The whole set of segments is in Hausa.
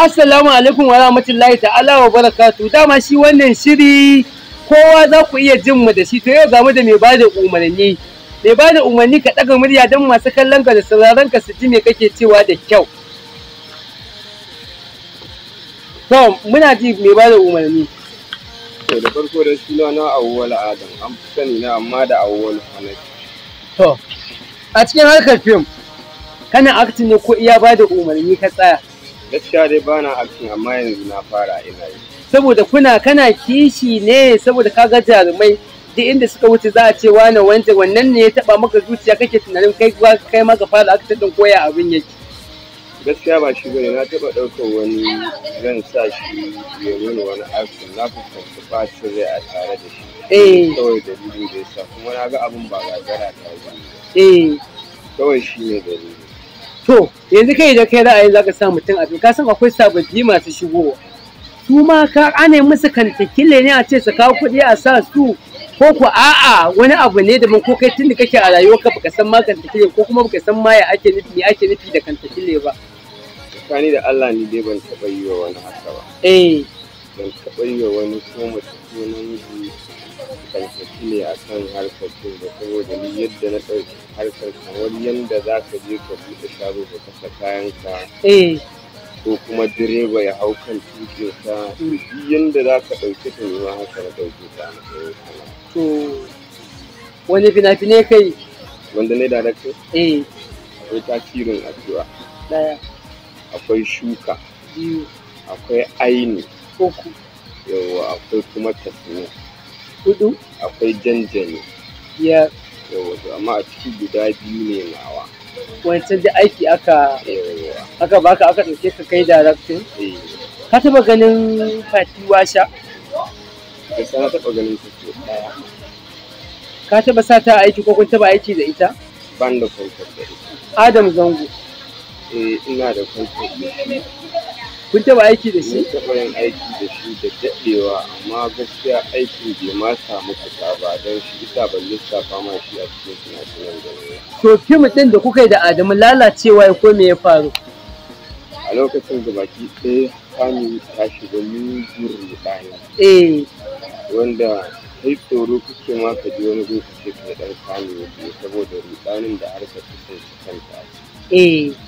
Assalamu alaikum wa rahmatullahi ta'ala wa barakatu. Dama shi wannan shiri kowa za ku iya jin mu da shi to yau ga mu da mai bada umarni. Mai bada umarni ka ɗaga murya don masu kallon ka da sauraron ka su ji me kake cewa da kyau. To muna ji mai bada umarni. To da farko da suna na awwal Adam an fi sani na amma da awwal Hanif. To a cikin harkar fim kana aktin ne ko iya bada umarni ka tsaya. gaskiya dai ba na acting amma yanzu na fara ina yi saboda kuna kana kishi ne saboda kaga jarumai duk inda suka wuce za a ce wane wanda wannan ne ya taba maka zuciya kake tunanin kai kai maka fara aka tadin koya abin yake gaskiya ba shi bane na taba daukar wani zan sa shi ya nuna wani acting na ba bacin zai a tare da shi eh kawai dalilin da sa kuma na ga abin ba gagara ta yi eh kawai shi ne dalilin to yanzu kai da kai ra'ayi zaka sa mutum a ka san akwai sababbi masu shigowa su ma ka ane musu kantakile ne a ce su kawo kuɗi a sa su ko ku a'a wani abu ne da mun ko kai tunda kake a rayuwarka baka san ma kantakille ko kuma baka san ma ya ake nufi ya ake nufi da kantakile ba tsakani da Allah ni dai ban taɓa yi wa wani haka ba eh ban taɓa yi wa wani ko mace ko namiji karkashi ne a kan harkar fim da saboda ni yadda na ɗauki harkar kamar yadda za ka je ka buɗe shago ka kasa kayanka eh. ko kuma direba ya hau kan tukinsa duk yadda za ka ɗauki ta ma haka na ɗauki ta a matsayin to wani fina-finai kai wanda ne darakta eh akwai tasirin addu'a ɗaya akwai shuka biyu akwai aini koko yawa akwai kuma tafiya hudu akwai janjani ya yawa to amma a ciki guda biyu ne nawa wancan da aiki aka aka baka aka ɗauke ka kai directing eh. ka taɓa ganin fati washa gaskiya na taɓa ganin su daya ka taɓa sa ta aiki ko kun taɓa aiki da ita ban da kwantar da ita adam zango eh ina da kwantar da ita kun taba aiki da shi? taba yin aiki da shi da daɗewa amma gaskiya aikin bai ma samu fita ba don shi isa ban lissafa ma shi a cikin sinadaran da To fim ɗin da kuka yi da Adamu lalacewa ya ko ya faru? A lokacin da baki ɗaya sami ta shiga mugun ruɗani. Eh. Wanda sai tsoro kuke ma ka ji wani lokaci ka ɗan Sani ya saboda rudanin da harkar ta sai kanta. Eh.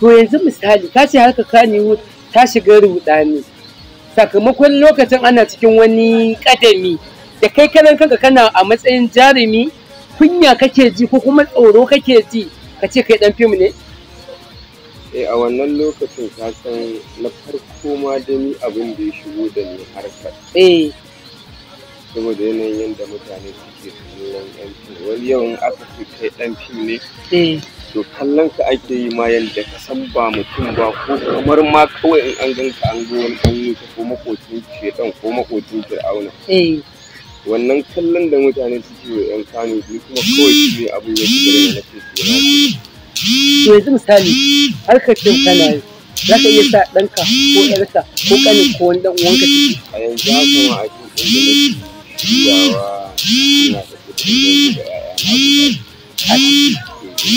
to yanzu misali ta ce harka kaniwood ta shiga rudani sakamakon lokacin ana cikin wani kadami da kai kanan kanka kana a matsayin jarumi kunya kake ji ko kuma tsoro kake ji ka ce kai dan fim ne eh a wannan lokacin ka san na farko ma da ni abin da ya shigo da ni harkar eh saboda yanayin yadda mutane suke tsoron yan fim wani yawan aka ce kai dan fim ne eh to kallon ka ake yi ma yadda ka san ba mutum ba ko kamar ma kawai in an ganka an ga wani ɗan wuta ko makocin shedan ko makocin fir'auna eh. wannan kallon da mutane suke wa yan kano kuma kawai shi ne abin da suke da na to yanzu misali harkar cin kana yi za ka iya sa ɗanka ko ƴarka ko ƙanin ko wani ɗan uwanka ciki a yanzu haka ma a ɗan da nake yawa ina da kuɗi da ƴaƴana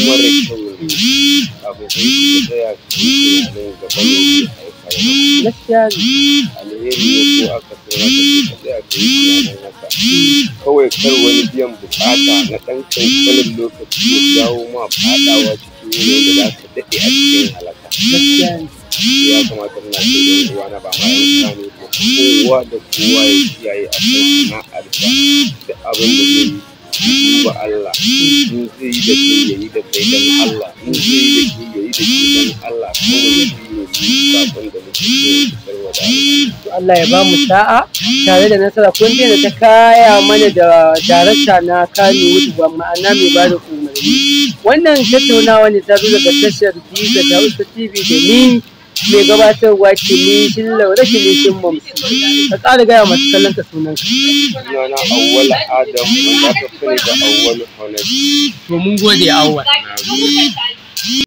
mara kawai abokai su tsaya da gaban gaskiya alheri ko aka tsaya ka yi tunanin kawai kar wani biyan bukata na ɗan kankanin lokaci ya jawo ma cikin wurin da za ka daɗe a cikin halaka ya kamata na ba yan kowa da kowa ya kiyaye a kan da abin da yi duba Allah in zai yi da kai ya yi da kai dan Allah in zai yi da kai ya yi da kai dan Allah wani biyu ne sakon da muke so to Allah ya ba mu sa'a tare da nasara kun da ta kaya mana da darakta na Kano Wudu ma'ana mai ba da umarni wannan tattaunawa ne ta zo daga tashar Giza da Hausa TV da ni mai gabatarwa ke ne laura ke ne mamsu ka ƙara gaya masu kallon ka sunan ka. Adamu Awwal Adam wanda aka sani da Awwal Honest. To mun gode Awwal.